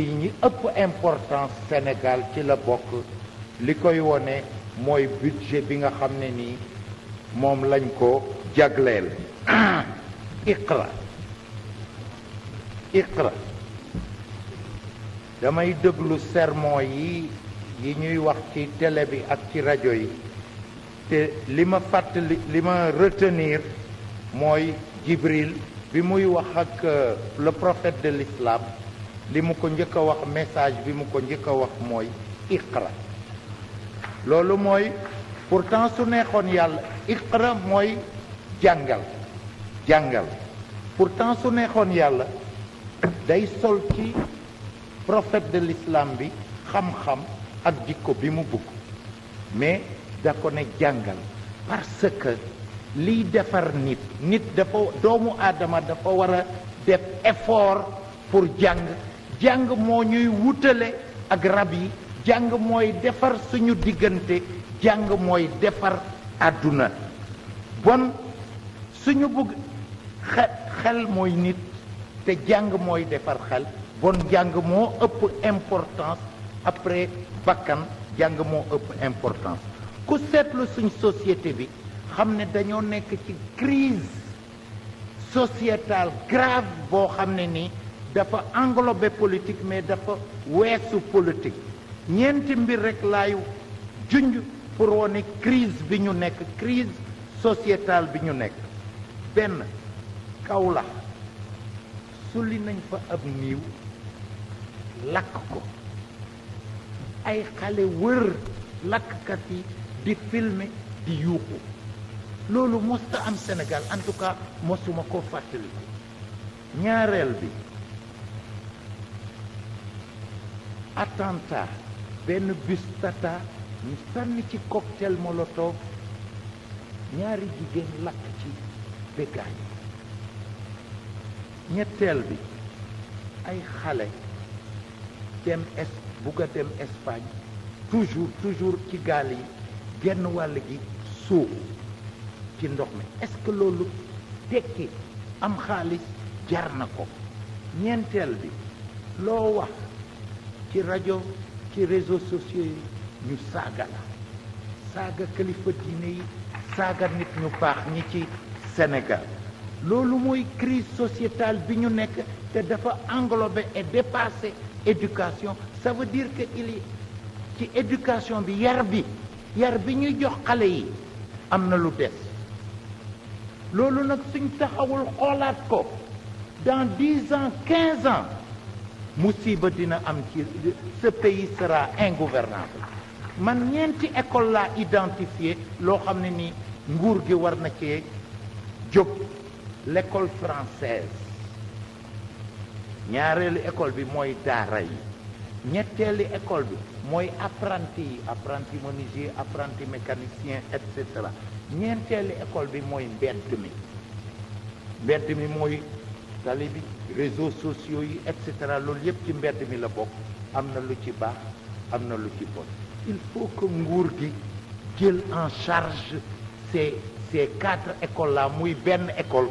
yi ñi ëpp importance Sénégal ci la bokk li koy wone mooy budget bi nga xam ne nii moom lañ ko jagleel iqra iqra damay déglu sermon yi yi ñuy wax ci télé bi ak ci rajo yi te li ma fàttali li ma retenir mooy Jibril bi muy wax ak euh, le profet de l'islam li mu ko njëkk a wax message bi mu ko njëkk a wax mooy iqra loolu mooy pourtant su neexoon yàlla iqra mooy jàngal jàngal pourtant su neexoon yàlla day sol ci prophète de l'islam bi xam-xam ak jikko bi mu bugg mais da ko ne jàngal parce que liy defar nit nit dafa doomu aadama dafa war a def effort pour jàng jàng moo ñuy wutale ak rab yi jàng mooy defar suñu diggante jàng mooy defar àdduna bon suñu bëgg xel mooy nit te jàng mooy defar xel bon jàng moo ëpp importance après bakkan jàng moo ëpp importance ku seetlu suñ société bi xam ne dañoo nekk ci crise sociétale grave boo xam ne nii dafa englobé politique mais dafa weesu politique ñeenti mbir rekk laay junj pour wone crise bi ñu nekk crise societal bi ñu nekk benn kaw Kaolack sulli nañ fa ab niiw lakk ko ay xale wër lakkkat yi di filmer di yuuxu loolu mosta am Sénégal en mosuma ko fàttaliku ñaareel bi attentat benn bistata tata ñu sànni ci cocktail molotov ñaari jigéen lakk ci béggaañ ñetteel bi ay xale dem es toujours toujours ci gaal yi genn wàll gi suuf ci ndox mi est-ce que loolu tekki am xaalis jar na ko ñeenteel bi loo wax ci rajo ci réseau sociaux yi ñu saaga la saaga kilifa diine yi saaga nit ñu baax ñi ci Sénégal loolu mooy crise sociétale bi ñu nekk te dafa englober et dépasser éducation ça veut dire que il ci éducation bi yar bi yar bi ñuy jox xale yi am na lu des loolu nag suñ taxawul xoolaat ko dans dix ans quinze ans musiba dina am ci ce pays sera ingouvernable man ñeenti école laa identifié loo xam ne ni nguur gi war na cee jóg l'école française ñaareelu école bi mooy daara yi ñetteelu école bi mooy apprenti yi apprenti menuisier apprenti mécanicien et cetera ñeenteelu école bi mooy mbedd mi mbedd mi mooy tali bi réseaux sociaux yi et cetera loolu yëpp ci mbedd mi la bokk am na lu ci baax am na lu ci bon il faut que nguur gi jël en charge ces ces quatre écoles la muy benn école